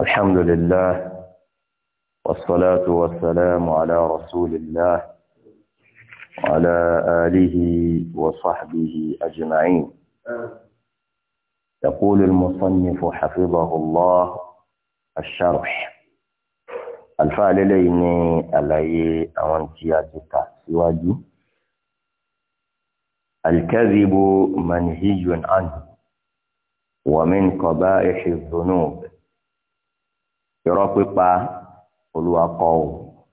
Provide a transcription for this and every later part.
الحمد لله والصلاة والسلام على رسول الله وعلى آله وصحبه أجمعين يقول المصنف حفظه الله الشرح الفعل ليني علي أونتياتك سواجي الكذب منهي عنه ومن قبائح الذنوب irọ́ pípa olúwa kọ́ ọ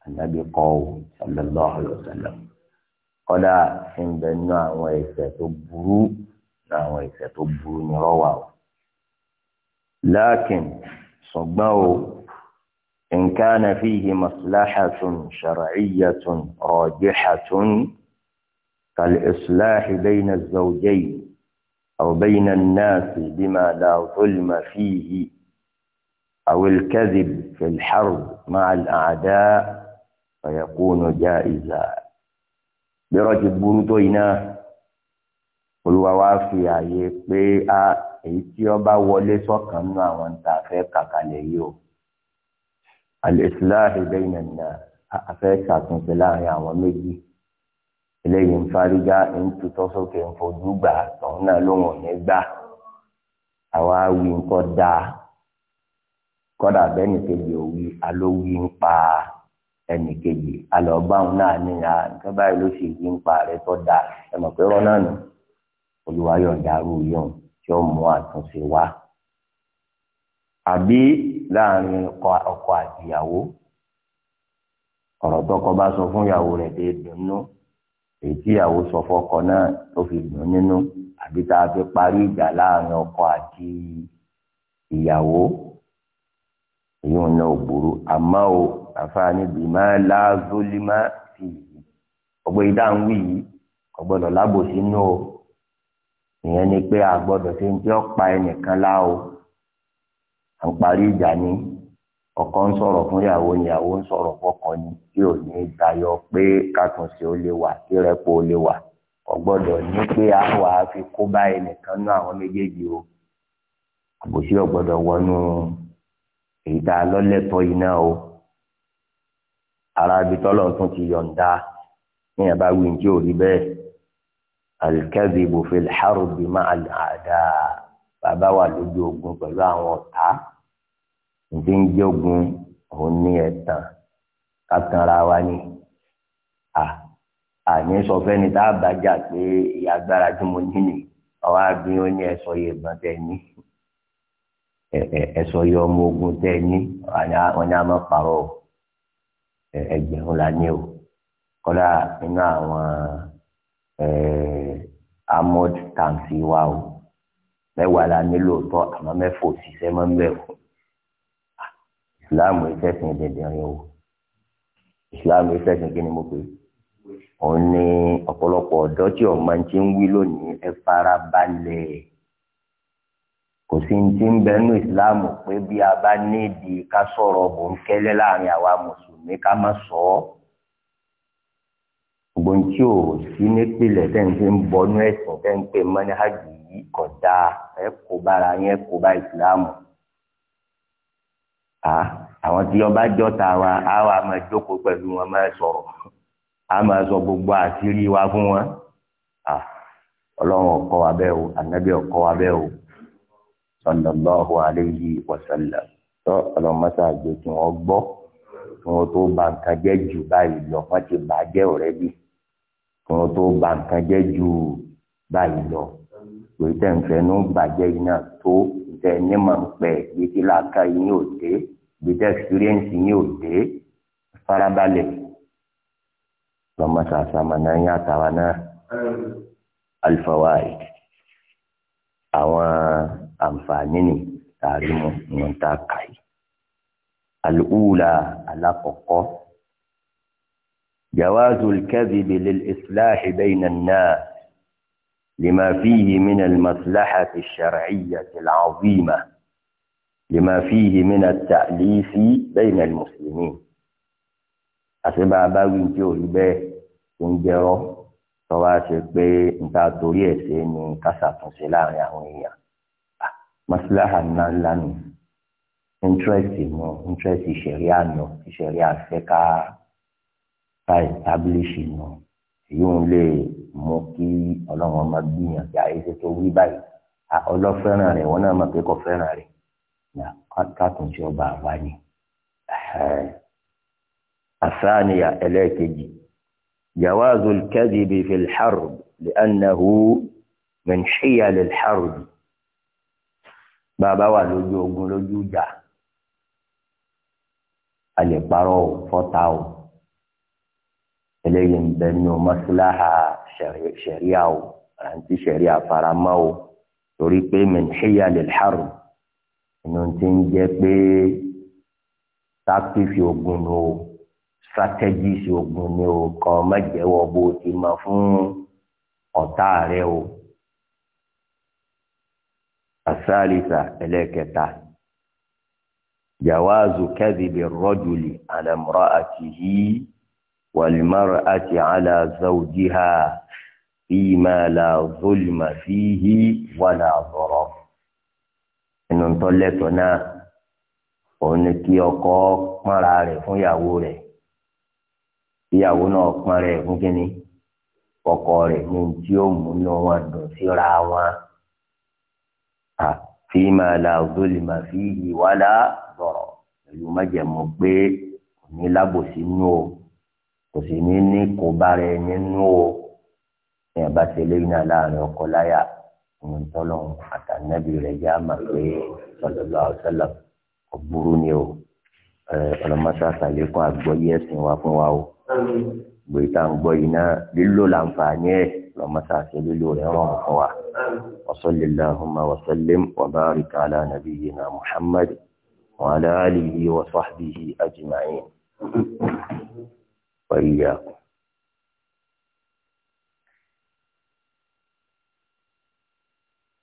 ànábì kọ́ ọ sallallahu alaihi wasallam kọ́dà ń bẹ nínú àwọn ẹ̀ṣẹ̀ tó burú nínú àwọn ẹ̀ṣẹ̀ tó burú ní rọ́wà o. lákìn ṣùgbọ́n o in kana fihi maslahatun shar'iyyatun rajihatun kal-islah bayna az-zawjayn aw bayna an-nas bima la zulma fihi. أو الكذب في الحرب مع الأعداء فيكون جائزا برجل بنتوينا olùwà wa fi àyè pé a èyí tí ó bá wọlé sọ́kàn nínú àwọn tá a fẹ́ kàkàlẹ̀ yìí o alẹ́sìláàhì bẹ́yìn ẹ̀nà a fẹ́ ṣàtúnṣe láàrin àwọn méjì eléyìí ń farigá ń tutọ́ sókè ń fojú gbà tọ̀hún náà lóhùn ní gbà àwa wí nǹkan dáa kọ́dà bẹ́ẹ̀ni kejì òwì alówì ń pa ẹnì kejì alọ́báhùn náà ní ya nǹkan báyìí ló sì wí ń pa rẹ tó dà ẹ mọ̀ pé rọ́nà nù olùwàyọ̀ǹda arú yóò tí ó mú àtúnṣe wá. àbí láàrin ọkọ àtìyàwó ọ̀rọ̀ tọkọ bá sọ fún ìyàwó rẹ̀ pé dùnú èyí ìyàwó sọ fọkọ náà tó fi dùn nínú àbí tá a fi parí ìjà láàrin ọkọ àti ìyàwó. yóò ná ò burú àmọ́ o àfààní bíi máa láàzólí ọgbọdọ fi yìí ọgbẹ́ wí yìí ọgbọ́dọ̀ lábòsí o ìyẹn ni pé àgbọ́dọ̀ ṣe ń o à ń ọkọ ń sọ̀rọ̀ fún ìyàwó ni ìyàwó ń sọ̀rọ̀ fọ́kọ ni tí tayọ pé kàtúnṣe ó lè wà kí ó lè a wà fi kó bá ẹnìkan àwọn méjèèjì o àbòsí ọgbọdọ wọnú. No èyí tá a lọ́lẹ́tọ̀ iná o ara ibi tọ́lọ̀ tún ti yọ̀ǹda ní yàrá wí ní tí ò rí bẹ́ẹ̀ alikẹ́bìbò fèlè hárùbì máa àdá bàbá wà lójú ogun pẹ̀lú àwọn ọ̀tá ìdí ń jogun òun ní ẹ̀tàn kákanra wa ni àní sọ fẹ́ni tá a bá jà pé ìyá agbára tí mo ní ni ọwọ́ àbí ó ní ẹ̀sọ́ yìí gbọ́n tẹ̀ ní ẹsọ yọ ọmọ ogun tẹ ẹ ní wọn ní a máa pààrọ̀ ẹgbẹ̀rún la ní o kódà nínú àwọn armored tanks wa o mẹ́wàá la ní lóòótọ́ àmọ́ mẹ́fà òṣìṣẹ́ máa ń bẹ o islam ìfẹsìn dẹdẹrin o islam ìfẹsìn kí ni mo pè òun ní ọ̀pọ̀lọpọ̀ ọ̀dọ́ tí ọmọ ti ń wí lónìí ẹ fara balẹ̀ ẹ kò sí ní ti ń bẹ nínú ìsìláàmù pé bí a bá nídìí ká sọ̀rọ̀ bòńkẹ́lẹ́ láàrin àwa mùsùlùmí ká má sọ ọ́ gbogbo tí o sí nípìnlẹ̀ tẹ́ǹtẹ́ ń bọnú ẹ̀sìn tẹ́ǹtẹ́ mọ́níhàjì yìí kọ̀ dáa ẹ kó bára yẹn kó bá ìsìláàmù. àwọn tí ọba jọta wa á wà máa jókòó pẹ̀lú wọn máa sọ̀rọ̀ á máa sọ gbogbo àṣírí wa fún wọn. ọlọ́run ọkọ wa bẹ́ẹ̀ o ànábì ọkọ wa bẹ́ẹ̀ o sallallahu alayhi wa sallam tọ́ ọlọ́mọṣà àgbẹ̀ tí wọ́n gbọ́ kí wọ́n tó ba nǹkan jẹ́ jù báyìí lọ wọ́n ti bàjẹ́ ọ̀rẹ́ bí kí wọ́n tó ba nǹkan jẹ́ jù báyìí lọ pé tẹ̀ǹfẹ̀ ló bàjẹ́ iná tó tẹ nímọ̀ ń pẹ́ bí tí láàka yín ò dé bí tẹ́ ẹ̀sìpírẹ́ǹsì yín ò dé farabalẹ̀ lọ́mọ sàṣàmànà yín àtàwọn náà alifawaid àwọn àǹfààní ni tààrí mu ìwọ̀n tá a kà yìí. alùwùlà alákọ̀ọ́kọ́ jawazu kẹ́bìbì lil-islahi bayna an-nas lima fihi min al-maslaha ash-shar'iyya al-'azima lima fihi min at-ta'lifi bayna al-muslimin. àti bàbá wí tí bẹ́ẹ̀ tó ń jẹ́rọ́ tọ́wá ṣe pé nta torí ẹ̀ ṣe ni kásàtúnṣe láàrin àwọn èèyàn maslaha ńlá ńlá nù interest nù interest ìṣẹ̀ríà nù ìṣẹ̀ríà fẹ́ ká ká establish nù èyí ń lè mú kí ọlọ́run ọmọ gbìyànjú àyèsè tó wí báyìí ọlọ́fẹ́ràn rẹ̀ wọ́n náà mọ̀ pé kò fẹ́ràn rẹ̀ nà kátùntì ọba àwa ni àsáàníyà ẹlẹ́ẹ̀kejì jawazul kadhibi fil harb li'annahu min hiyal bàbá wà lójú ogun lójú ìjà a lè parọ́ o fọ́ta o eléyìí ń bẹ nínú mọ́síláhà ṣẹ̀ríà o àǹtí ṣẹ̀ríà faramọ́ o torí pé mẹ̀nìṣẹ́yà lè lárùn inú ti ń jẹ́ pé táktífì ogun ni o strategisi ogun ni o kọ́ mẹ́jẹ̀wọ́ bó ti mọ̀ fún ọ̀tá rẹ o asálìsà ẹlẹ́kẹta jawaazu kẹ́dìbì rọ́jùlì àlàmúrọ́ àti yìí wàlìmọ́rọ́ àti àlà zawjiha fíìmà là zolima fíhì wàlà zọrọ. inú tó lẹ́tọ̀ọ́ náà òun ni kí ọkọ pọ́nra rẹ̀ fún ìyàwó rẹ̀ ìyàwó náà pọ́n rẹ̀ fún kínní ọkọ rẹ̀ ní tí ó mú inú wọn dùn síra wọn fíìmà làzólìmà fíìhì wàlà dọ̀rọ̀ pẹ̀lú májẹ̀mú pé kò ní lábòsí nù o kò sì ní ní kò bára ẹni nù o ní ẹ̀bá ti eléyìí náà láàrin ọkọ láyà ìwọ̀n tọ́lọ̀ àtànẹ́bí rẹ̀ já mà pé sọlọ́lọ́ àwòsálà kò burú ni o ọlọ́mọṣá sàlékún àgbọ́yé ẹ̀sìn wa fún wa o gbèyìí tá ń gbọ́ yìí náà lílò làǹfààní ẹ̀ ọlọ́mọṣá ṣe lílò rẹ̀ rọrùn fún wa. وصل اللهم وسلم وبارك على نبينا محمد وعلى آله وصحبه أجمعين وإياكم